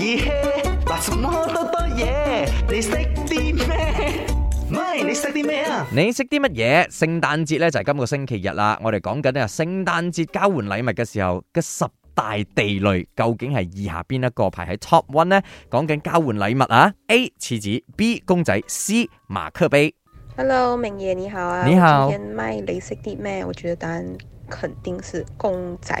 咦？嗱，什麼多嘢？你識啲咩？咪，你識啲咩啊？你識啲乜嘢？聖誕節咧就係今個星期日啦。我哋講緊呢個聖誕節交換禮物嘅時候嘅十大地雷，究竟係以下邊一個排喺 Top One 咧？講緊交換禮物啊！A 刺子，B 公仔，C 馬克杯。Hello，明夜你好啊！你好。咪，你識啲咩？我覺得答案肯定是公仔。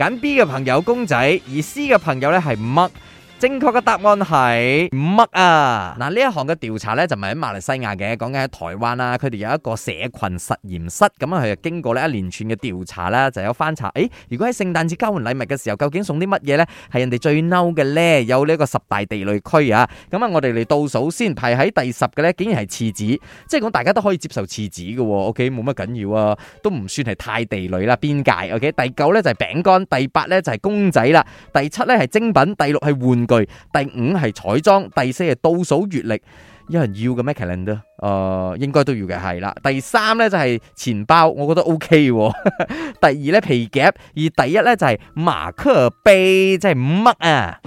揀 B 嘅朋友，公仔，而 C 嘅朋友咧係乜？正確嘅答案係乜啊？嗱呢一行嘅調查咧就唔係喺馬來西亞嘅，講緊喺台灣啦。佢哋有一個社群實驗室，咁啊佢就經過咧一連串嘅調查啦，就有翻查。誒，如果喺聖誕節交換禮物嘅時候，究竟送啲乜嘢咧係人哋最嬲嘅咧？有呢一個十大地雷區啊。咁啊，我哋嚟倒數先，排喺第十嘅咧，竟然係廁紙，即係講大家都可以接受廁紙嘅。OK，冇乜緊要啊，都唔算係太地雷啦，邊界。OK，第九咧就係餅乾，第八咧就係公仔啦，第七咧係精品，第六係換。第五係彩妝，第四係倒數月曆，有人要嘅咩？Calendar 都誒，應該都要嘅係啦。第三呢就係錢包，我覺得 OK。 第二呢皮夾，而第一呢就係馬克杯，即係乜啊？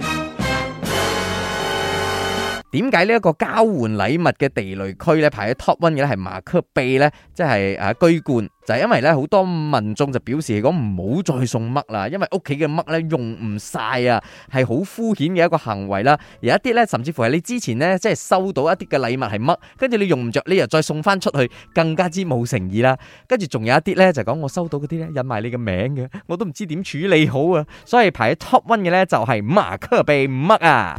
點解呢一個交換禮物嘅地雷區咧排喺 top one 嘅係馬克杯咧？即係誒居冠，就係因為咧好多民眾就表示講，唔好再送乜啦，因為屋企嘅乜咧用唔晒啊，係好敷衍嘅一個行為啦。有一啲咧甚至乎係你之前咧即係收到一啲嘅禮物係乜，跟住你用唔着，你又再送翻出去，更加之冇誠意啦。跟住仲有一啲咧就講，我收到嗰啲咧印埋你嘅名嘅，我都唔知點處理好啊。所以排喺 top one 嘅咧就係馬克杯乜啊！